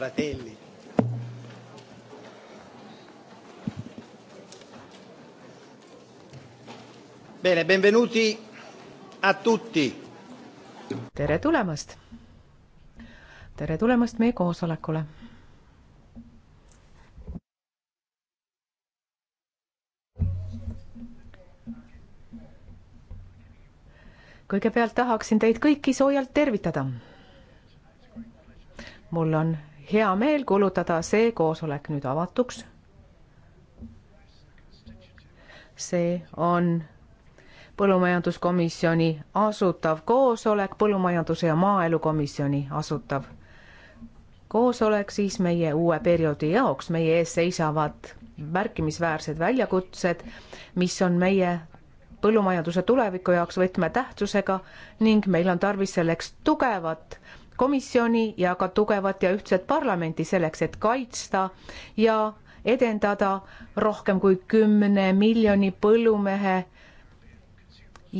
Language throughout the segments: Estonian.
fratelli. Bene, benvenuti a tutti. tere tulemast. tere tulemast meie koosolekule. kõigepealt tahaksin teid kõiki soojalt tervitada mul on hea meel kuulutada see koosolek nüüd avatuks. see on põllumajanduskomisjoni asutav koosolek, põllumajanduse ja maaelukomisjoni asutav koosolek siis meie uue perioodi jaoks, meie ees seisavad märkimisväärsed väljakutsed, mis on meie põllumajanduse tuleviku jaoks võtmetähtsusega ning meil on tarvis selleks tugevat komisjoni ja ka tugevat ja ühtset parlamenti selleks, et kaitsta ja edendada rohkem kui kümne miljoni põllumehe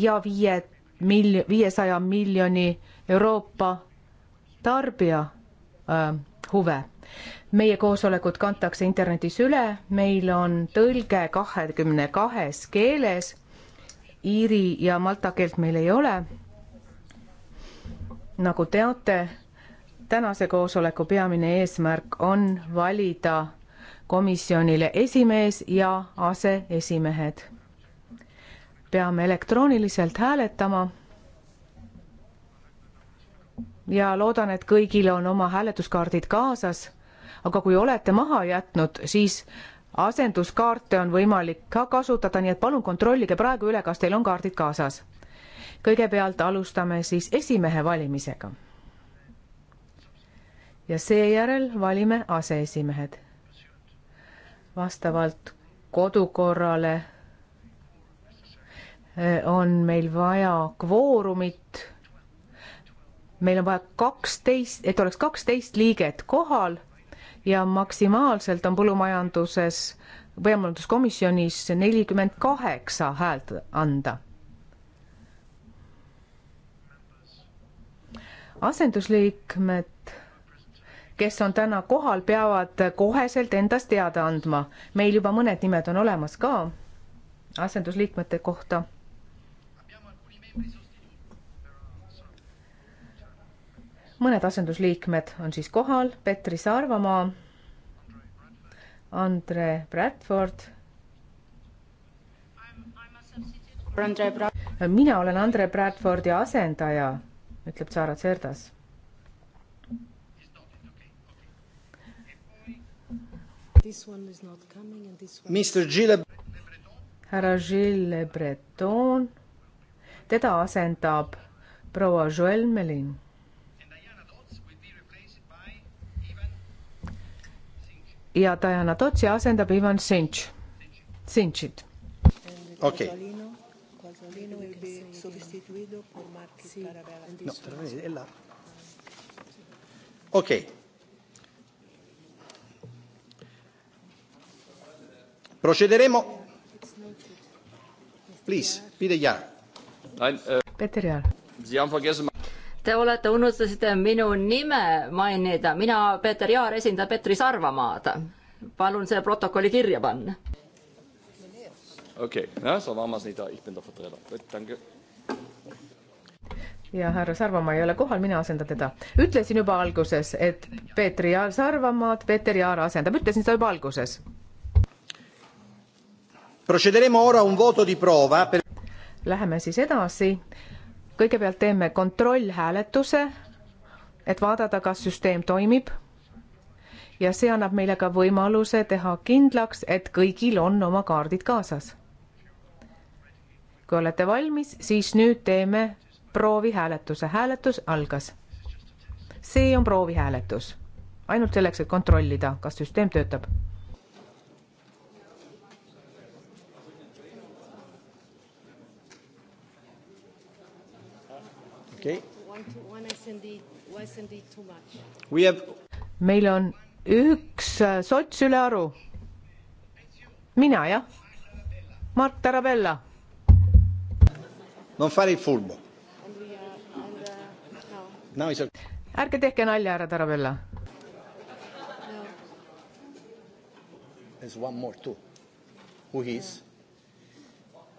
ja viie mil-, viiesaja miljoni Euroopa tarbija äh, huve. meie koosolekud kantakse internetis üle, meil on tõlge kahekümne kahes keeles, iiri ja malta keelt meil ei ole nagu teate, tänase koosoleku peamine eesmärk on valida komisjonile esimees ja aseesimehed. peame elektrooniliselt hääletama. ja loodan, et kõigil on oma hääletuskaardid kaasas. aga kui olete maha jätnud, siis asenduskaarte on võimalik ka kasutada, nii et palun kontrollige praegu üle, kas teil on kaardid kaasas kõigepealt alustame siis esimehe valimisega. ja seejärel valime aseesimehed. vastavalt kodukorrale e, on meil vaja kvoorumit. meil on vaja kaksteist, et oleks kaksteist liiget kohal ja maksimaalselt on põllumajanduses, põllumajanduskomisjonis nelikümmend kaheksa häält anda asendusliikmed, kes on täna kohal, peavad koheselt endast teada andma. meil juba mõned nimed on olemas ka asendusliikmete kohta. mõned asendusliikmed on siis kohal, Petri Sarvamaa, Andre Bradford mina olen Andre Bradfordi asendaja ütleb Zara Cerdas. härra Gilles Le Breton, teda asendab proua Joel Melin. ja Diana Totsi asendab Ivan Sinch, Sinchit. okei okay sostituido por Mark sí. Tarabella. No, Tarabella è là. Ok. Procederemo. Please, Peter Jaar. Nein, äh, Peter Jaar. Sie haben vergessen, Te olete, unustasite minu nime mainida, mina, Peeter Jaar, esindan Petri Sarvamaad. palun see protokolli kirja panna. okei okay., no so war man es nicht da, ich bin der Vertreter. Gut, danke ja härra Sarvamaa ei ole kohal, mina asendan teda. ütlesin juba alguses, et Peeter Jaar Sarvamaad Peeter Jaar asendab, ütlesin seda juba alguses. Läheme siis edasi. kõigepealt teeme kontrollhääletuse, et vaadata, kas süsteem toimib. ja see annab meile ka võimaluse teha kindlaks, et kõigil on oma kaardid kaasas. kui olete valmis, siis nüüd teeme proovihääletuse. hääletus algas. see on proovihääletus. ainult selleks, et kontrollida, kas süsteem töötab. okei okay.. Have... meil on üks sots ülearu. mina jah. Mart Tarabella. non fare il furbo ärge tehke nalja, härra Tarabella. There's one more too. Who is?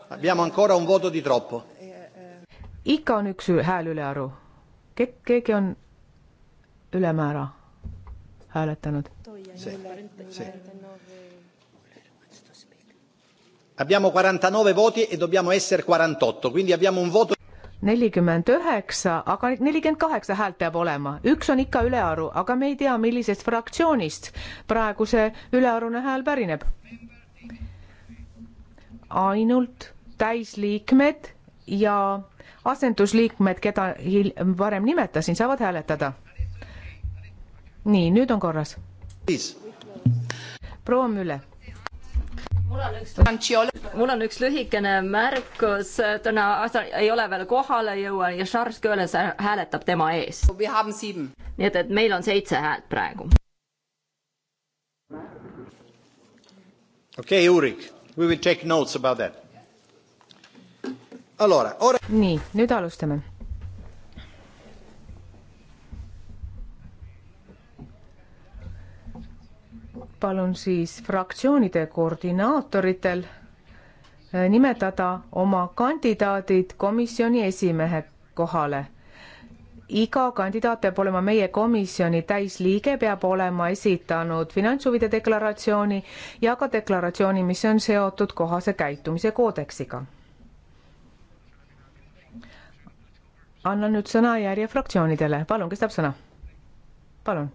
Abbiamo ancora un voto di troppo. ikka on üks hääl ülearu Ke. keegi on ülemäära hääletanud. Abbiamo 49 voti e dobbiamo essere 48, quindi abbiamo un voto nelikümmend üheksa, aga nelikümmend kaheksa häält peab olema, üks on ikka ülearu, aga me ei tea, millisest fraktsioonist praegu see ülearune hääl pärineb. ainult täisliikmed ja asendusliikmed, keda varem nimetasin, saavad hääletada. nii, nüüd on korras. proua Mülle mul on üks lühikene märkus, täna ei ole veel kohale jõua ja Charles Köhles hääletab tema eest. nii et, et meil on seitse häält praegu. okei okay,, Jurik, we will take notes about that. Allora, ora... nii, nüüd alustame palun siis fraktsioonide koordinaatoritel äh, nimetada oma kandidaadid komisjoni esimehe kohale. iga kandidaat peab olema meie komisjoni täisliige, peab olema esitanud finantshuvide deklaratsiooni ja ka deklaratsiooni, mis on seotud kohase käitumise koodeksiga. annan nüüd sõna järje fraktsioonidele, palun, kes tahab sõna? palun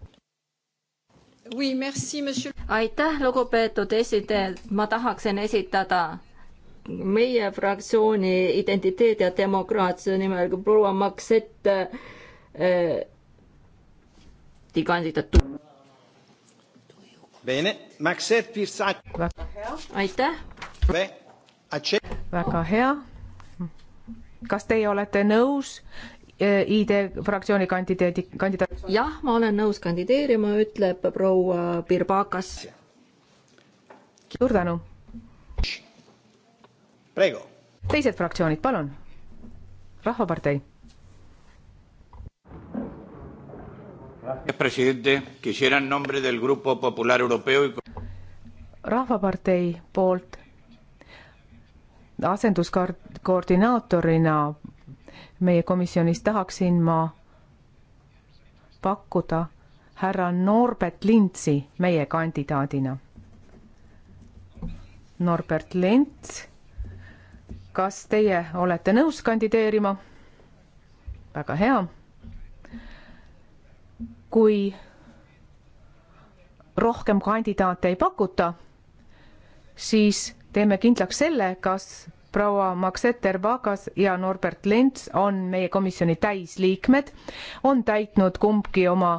aitäh, lugupeetud esineja, ma tahaksin esitada meie fraktsiooni identiteedi ja demokraatia nimel proua Maksett äh, kandidatuur. aitäh. väga hea. kas teie olete nõus, ID fraktsiooni kandidaadi, kandidaat. jah, ma olen nõus kandideerima, ütleb proua Birbakas. suur tänu. teised fraktsioonid, palun. rahvapartei. rahvapartei poolt asenduskoordinaatorina meie komisjonis, tahaksin ma pakkuda härra Norbert Lintsi meie kandidaadina. Norbert Lints, kas teie olete nõus kandideerima? väga hea. kui rohkem kandidaate ei pakuta, siis teeme kindlaks selle, kas proua Maxeter Vagas ja Norbert Lents on meie komisjoni täisliikmed, on täitnud kumbki oma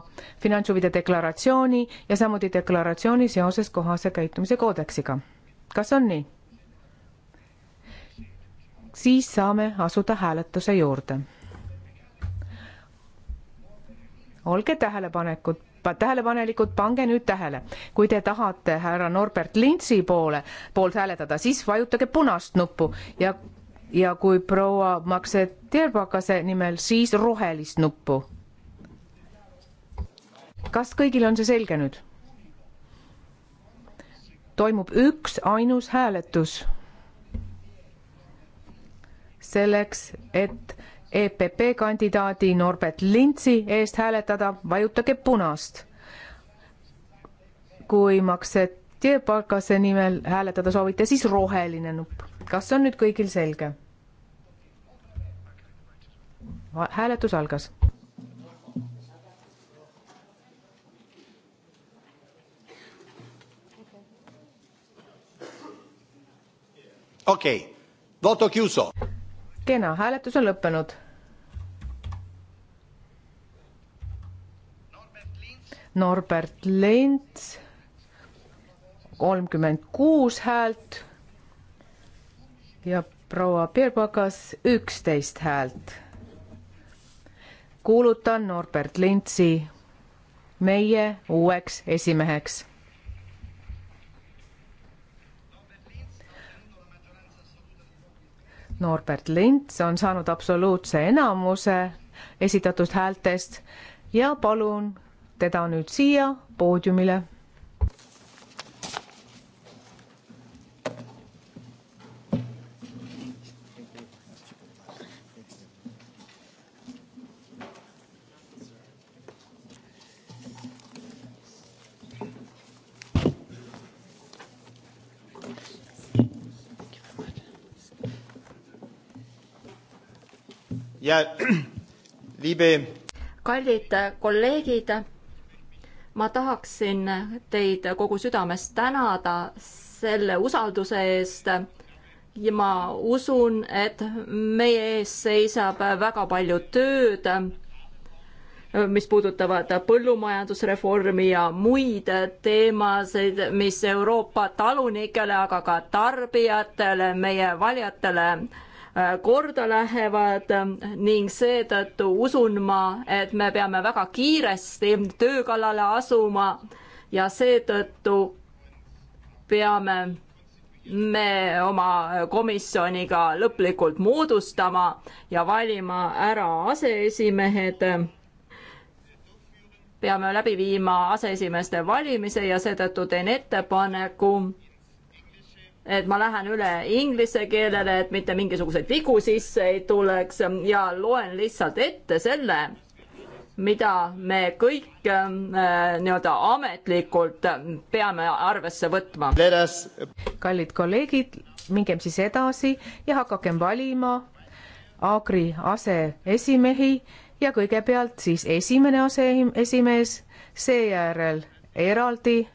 finantshuvide deklaratsiooni ja samuti deklaratsiooni seoses kohase käitumise koodeksiga. kas on nii? siis saame asuda hääletuse juurde. olge tähelepanekud, tähelepanelikud, pange nüüd tähele, kui te tahate härra Norbert Lintsi poole, poolt hääletada, siis vajutage punast nuppu ja, ja kui proua Makse Terbakase nimel, siis rohelist nuppu. kas kõigil on see selge nüüd? toimub üks ainus hääletus selleks, et EPP kandidaadi Norbert Lintsi eest hääletada, vajutage punast. kui Makseti Palkase nimel hääletada soovite, siis roheline nupp. kas on nüüd kõigil selge? hääletus algas. okei okay., voto chiuso kena, hääletus on lõppenud. Norbert Lents, kolmkümmend kuus häält ja proua Pirbakas üksteist häält. kuulutan Norbert Lintsi meie uueks esimeheks Norbert Lints on saanud absoluutse enamuse esitatud häältest ja palun teda nüüd siia poodiumile ja liibe. kallid kolleegid, ma tahaksin teid kogu südamest tänada selle usalduse eest ja ma usun, et meie ees seisab väga palju tööd, mis puudutavad põllumajandusreformi ja muid teemasid, mis Euroopa talunikele, aga ka tarbijatele, meie valijatele äh, Äh, korda lähevad ning seetõttu usun ma, et me peame väga kiiresti töö kallale asuma ja seetõttu peame me oma komisjoniga lõplikult moodustama ja valima ära aseesimehed. peame läbi viima aseesimeeste valimise ja seetõttu teen ettepaneku et ma lähen üle inglise keelele, et mitte mingisuguseid vigu sisse ei tuleks ja loen lihtsalt ette selle, mida me kõik ähm, äh, nii-öelda ametlikult peame arvesse võtma. kallid kolleegid, mingem siis edasi ja hakakem valima Agri aseesimehi ja kõigepealt siis esimene aseesimees, seejärel eraldi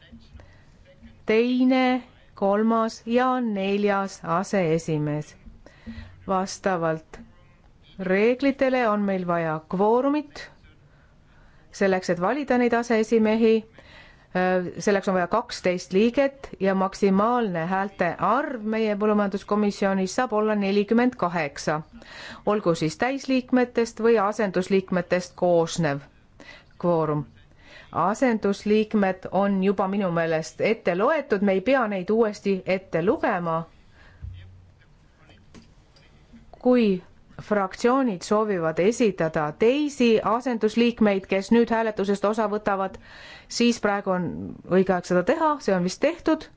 teine kolmas ja neljas aseesimees. vastavalt reeglitele on meil vaja kvoorumit selleks, et valida neid aseesimehi. selleks on vaja kaksteist liiget ja maksimaalne häälte arv meie põllumajanduskomisjonis saab olla nelikümmend kaheksa, olgu siis täisliikmetest või asendusliikmetest koosnev kvoorum asendusliikmed on juba minu meelest ette loetud, me ei pea neid uuesti ette lugema. kui fraktsioonid soovivad esitada teisi asendusliikmeid, kes nüüd hääletusest osa võtavad, siis praegu on õige aeg seda teha, see on vist tehtud.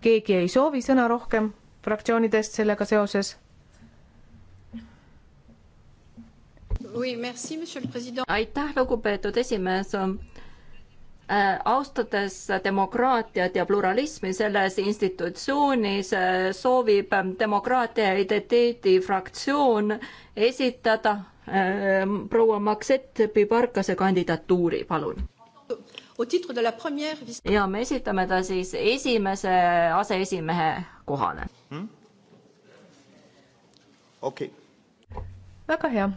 keegi ei soovi sõna rohkem fraktsioonidest sellega seoses. aitäh, lugupeetud esimees Äh, austades demokraatiat ja pluralismi selles institutsioonis, äh, soovib ähm, demokraatia identiteedi fraktsioon esitada ähm, proua Maksett Pibarkase kandidatuuri, palun. ja me esitame ta siis esimese aseesimehe kohale hmm?. okei okay.. väga hea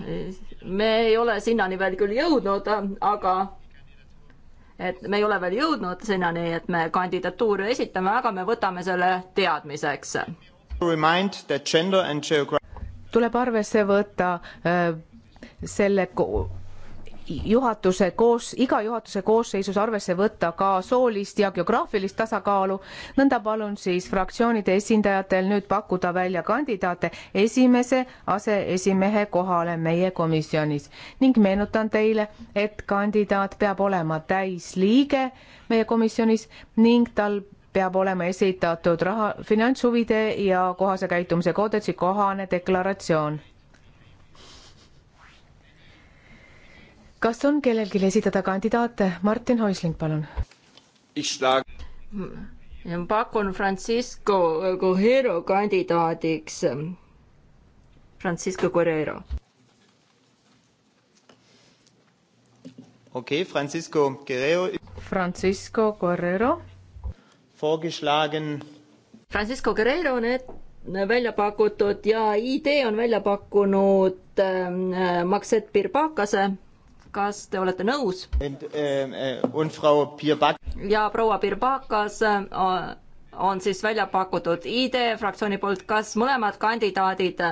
äh, me ei ole sinnani veel küll jõudnud, aga et me ei ole veel jõudnud sinnani, et me kandidatuuri esitame, aga me võtame selle teadmiseks. tuleb arvesse võtta äh, selle juhatuse koos, iga juhatuse koosseisus arvesse võtta ka soolist ja geograafilist tasakaalu. nõnda palun siis fraktsioonide esindajatel nüüd pakkuda välja kandidaate esimese aseesimehe kohale meie komisjonis ning meenutan teile, et kandidaat peab olema täisliige meie komisjonis ning tal peab olema esitatud raha, finantshuvide ja kohase käitumise koodeksi kohane deklaratsioon kas on kellelgi esitada kandidaate? Martin Häusling, palun. pakun Francisco äh, Guerrero kandidaadiks. Ähm, Francisco Guerrero. okei okay,, Francisco Guerrero. Francisco Guerrero. Vorgeschlagen. Francisco Guerrero on et-, äh, välja pakutud ja idee on välja pakkunud ähm, äh, Maxet Birbakase kas te olete nõus? Ähm, äh, ja proua Birbakas äh, on siis välja pakutud ID fraktsiooni poolt, kas mõlemad kandidaadid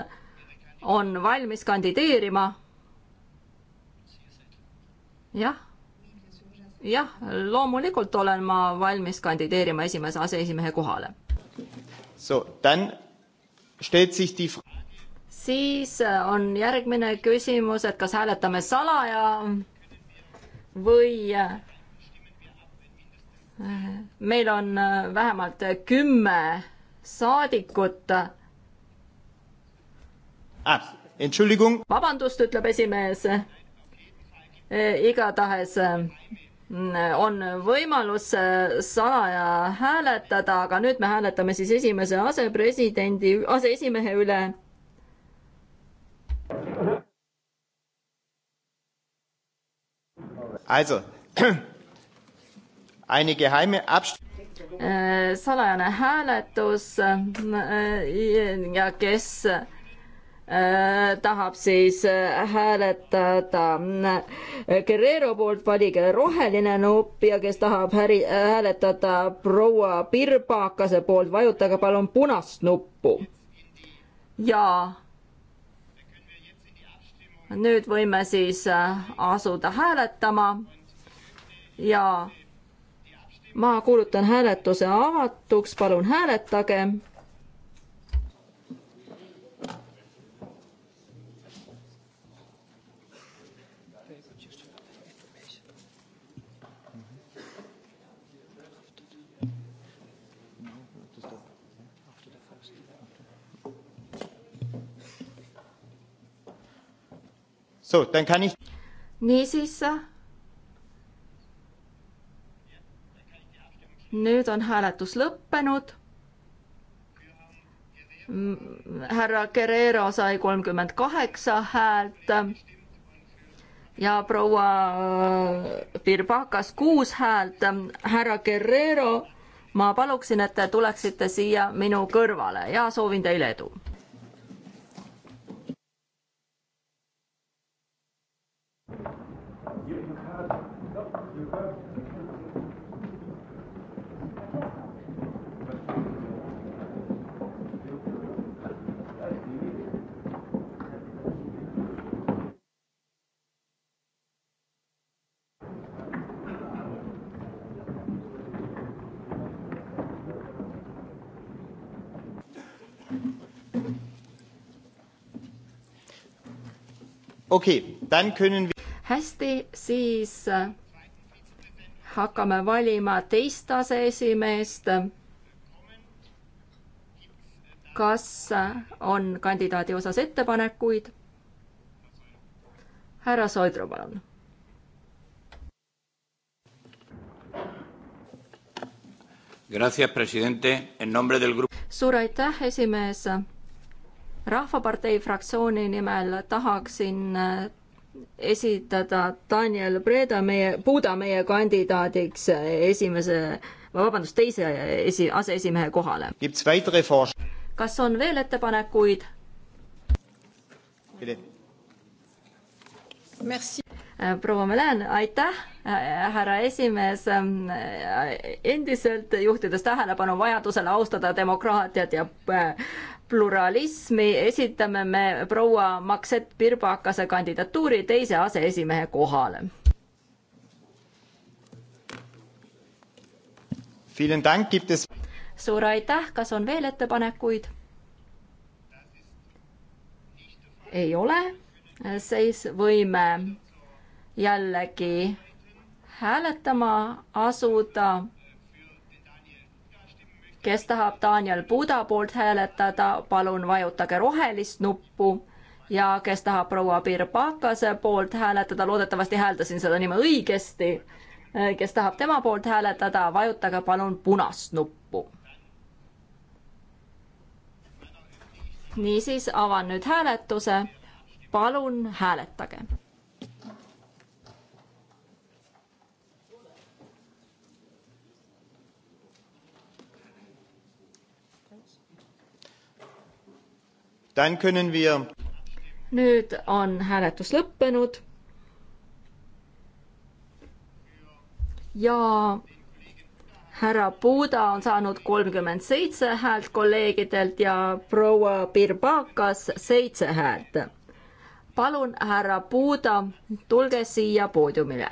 on valmis kandideerima? jah, jah, loomulikult olen ma valmis kandideerima esimese aseesimehe kohale. So, dann stellt sich die siis äh, on järgmine küsimus, et kas hääletame salaja või äh, meil on äh, vähemalt kümme saadikut. Ah, vabandust, ütleb esimees. igatahes on võimalus salaja hääletada, aga nüüd me hääletame siis esimese asepresidendi, aseesimehe üle Also, eine geheime Abstimmung äh, salajane hääletus äh, ja kes äh, tahab siis hääletada Guerrero poolt, valige roheline nupp ja kes tahab häri, hääletada proua Pirbakase poolt, vajutage palun punast nuppu. ja nüüd võime siis äh, asuda hääletama ja ma kuulutan hääletuse avatuks, palun hääletage Ich... niisiis. Äh, nüüd on hääletus lõppenud. härra Guerrero sai kolmkümmend kaheksa häält ja proua Birbakas äh, kuus häält. härra Guerrero, ma paluksin, et te tuleksite siia minu kõrvale ja soovin teile edu okei okay,, dann können hästi, siis äh, hakkame valima teist aseesimeest. kas äh, on kandidaadi osas ettepanekuid? härra Soidro, palun. suur aitäh, esimees rahvapartei fraktsiooni nimel tahaksin äh, esitada Daniel Breda meie, Puuda meie kandidaadiks äh, esimese, vabandust, teise äh, esi, aseesimehe kohale. kas on veel ettepanekuid? proua Melen, aitäh Äh, härra esimees, ähm, äh, endiselt juhtides tähelepanu vajadusele austada demokraatiat ja äh, pluralismi, esitame me proua Maksett Pirbakase kandidatuuri teise aseesimehe kohale. suur aitäh, kas on veel ettepanekuid? ei ole, siis võime jällegi hääletama asuda. kes tahab Daniel Buda poolt hääletada, palun vajutage rohelist nuppu ja kes tahab proua Birbakase poolt hääletada, loodetavasti hääldasin seda nime õigesti. kes tahab tema poolt hääletada, vajutage palun punast nuppu. niisiis avan nüüd hääletuse. palun hääletage Wir... nüüd on hääletus lõppenud. ja härra Buda on saanud kolmkümmend seitse häält kolleegidelt ja proua Birbakas seitse häält. palun, härra Buda, tulge siia poodiumile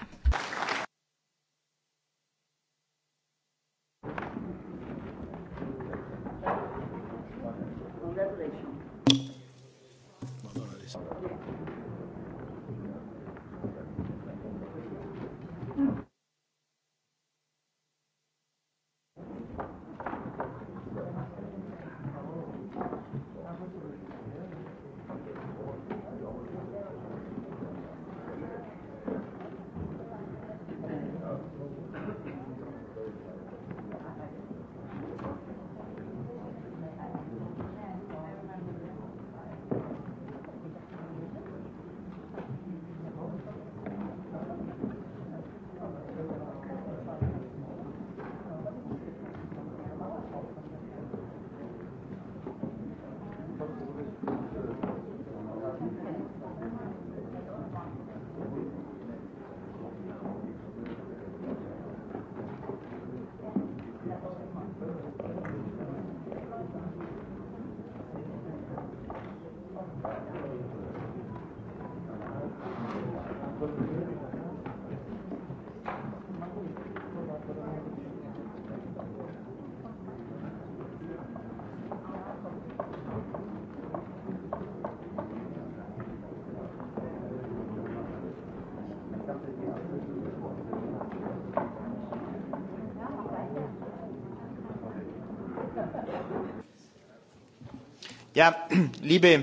ja libe.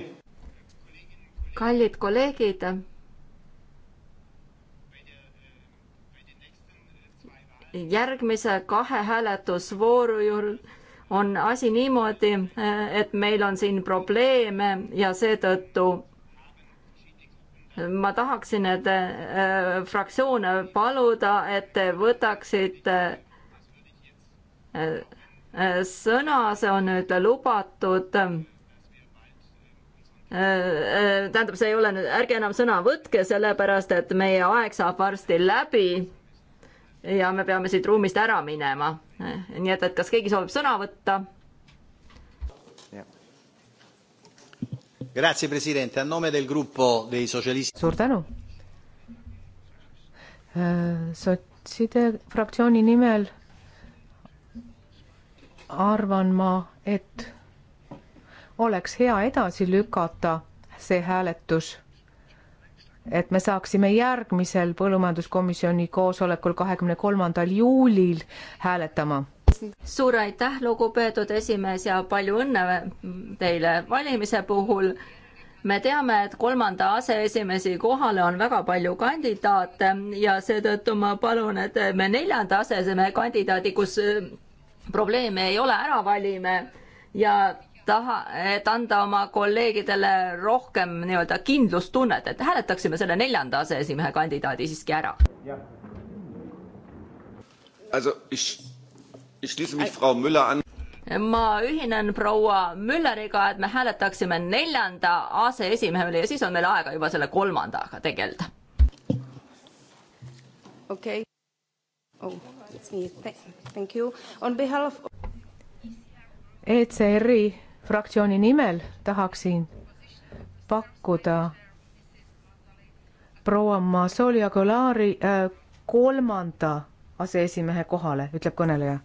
kallid kolleegid. järgmise kahe hääletusvooru juhul on asi niimoodi, et meil on siin probleeme ja seetõttu ma tahaksin, et äh, fraktsioone paluda, et te võtaksite äh, äh, sõna, see on nüüd lubatud tähendab, see ei ole nüüd, ärge enam sõna võtke, sellepärast et meie aeg saab varsti läbi. ja me peame siit ruumist ära minema. nii et, et kas keegi soovib sõna võtta? Grazie Presidente, a nome del gruppo dei socialisti. suur tänu. sotside fraktsiooni nimel arvan ma, et oleks hea edasi lükata see hääletus, et me saaksime järgmisel põllumajanduskomisjoni koosolekul, kahekümne kolmandal juulil hääletama suur aitäh, lugupeetud esimees ja palju õnne teile valimise puhul. me teame, et kolmanda aseesimesi kohale on väga palju kandidaate ja seetõttu ma palun, et me neljanda aseesimehe kandidaadi, kus probleeme ei ole, ära valime ja taha, et anda oma kolleegidele rohkem nii-öelda kindlustunnet, et hääletaksime selle neljanda aseesimehe kandidaadi siiski ära. ma ühinen proua Mülleriga, et me hääletaksime neljanda aseesimehe üle ja siis on meil aega juba selle kolmandaga tegeleda. okei okay.. Oh, it's me. Thank you. On behalf of... ECR-i fraktsiooni nimel tahaksin pakkuda proua Masoli Agolari äh, kolmanda aseesimehe kohale, ütleb kõneleja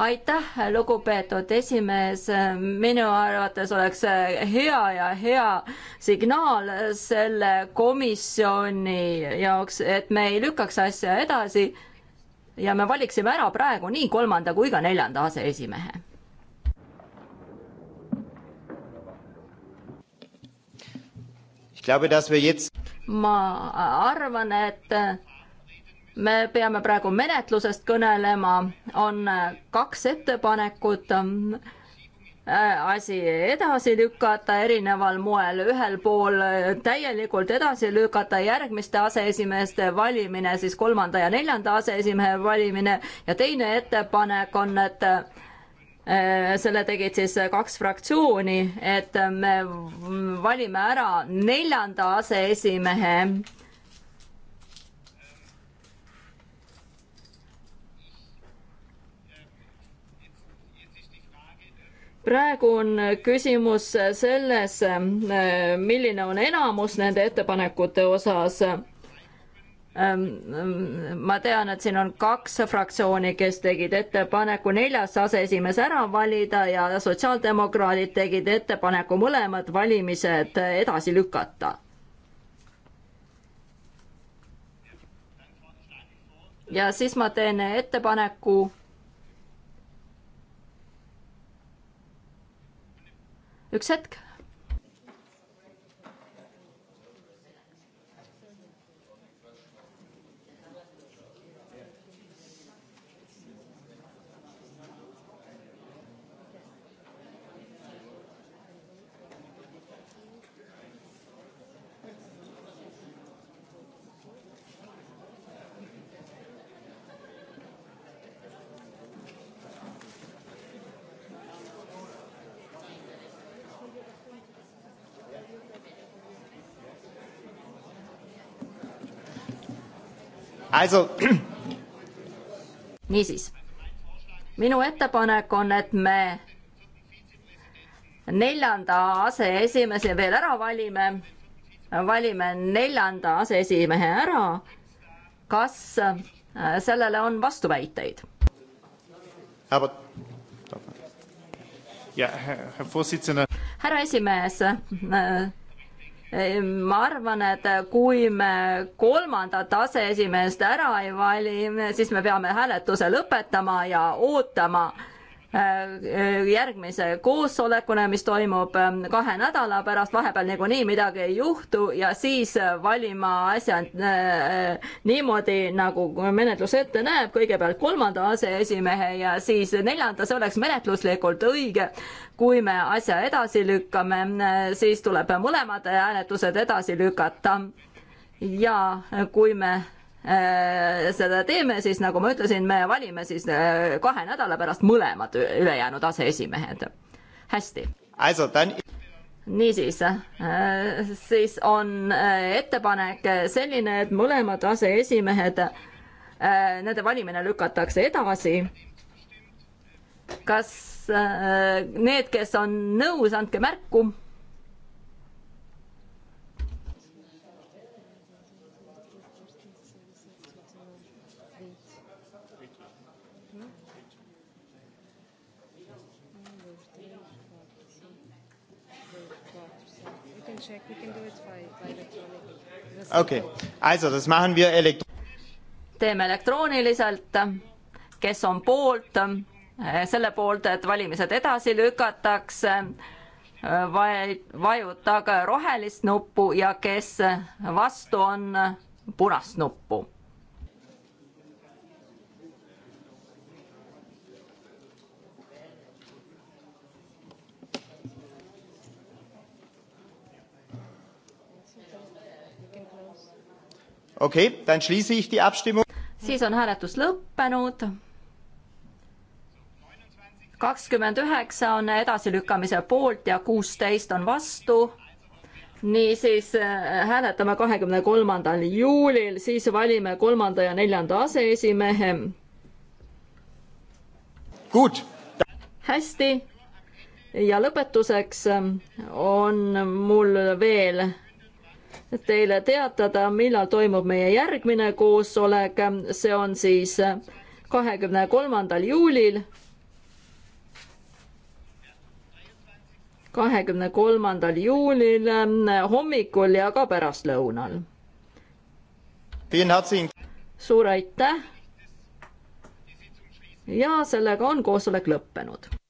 aitäh, lugupeetud esimees, minu arvates oleks hea ja hea signaal selle komisjoni jaoks, et me ei lükkaks asja edasi ja me valiksime ära praegu nii kolmanda kui ka neljanda aseesimehe. ma arvan, et me peame praegu menetlusest kõnelema, on äh, kaks ettepanekut ähm, äh, asi edasi lükata erineval moel, ühel pool äh, täielikult edasi lükata järgmiste aseesimeeste valimine, siis kolmanda ja neljanda aseesimehe valimine ja teine ettepanek on, et selle tegid siis kaks fraktsiooni, et me valime ära neljanda aseesimehe praegu on küsimus selles, milline on enamus nende ettepanekute osas. Ehm, ma tean, et siin on kaks fraktsiooni, kes tegid ettepaneku neljas aseesimees ära valida ja sotsiaaldemokraadid tegid ettepaneku mõlemad valimised edasi lükata. ja siis ma teen ettepaneku üks hetk, Also... niisiis, minu ettepanek on, et me neljanda aseesimese veel ära valime, valime neljanda aseesimehe ära. kas äh, sellele on vastuväiteid? härra esimees äh,, ma arvan, et kui me kolmandat aseesimeest ära ei vali, siis me peame hääletuse lõpetama ja ootama Äh, äh, järgmise koosolekuna, mis toimub ähm, kahe nädala pärast, vahepeal niikuinii midagi ei juhtu ja siis äh, valima asja niimoodi, nagu menetlus ette näeb, kõigepealt kolmanda aseesimehe ja siis neljanda, see oleks menetluslikult õige. kui me asja edasi lükkame, siis tuleb mõlemad hääletused edasi lükata. ja kui me Äh, seda teeme, siis nagu ma ütlesin, me valime siis äh, kahe nädala pärast mõlemad ülejäänud aseesimehed. hästi. niisiis, äh, siis on ettepanek selline, et mõlemad aseesimehed, nende valimine lükatakse edasi. kas need, kes on nõus, andke märku okei okay., also das machen wir elekt-. teeme elektrooniliselt, kes on poolt, eh, selle poolt, et valimised edasi lükatakse, eh, vajutage rohelist nuppu ja kes vastu on, punast nuppu okei okay,, dann schließe ich die abstimmung. siis on hääletus lõppenud. kakskümmend üheksa on edasilükkamise poolt ja kuusteist on vastu niisiis äh, hääletame kahekümne kolmandal juulil, siis valime kolmanda ja neljanda aseesimehe. hästi. ja lõpetuseks äh, on mul veel teile teatada, millal toimub meie järgmine koosolek, see on siis kahekümne kolmandal juulil. kahekümne kolmandal juulil hommikul ja ka pärastlõunal. suur aitäh. ja sellega on koosolek lõppenud.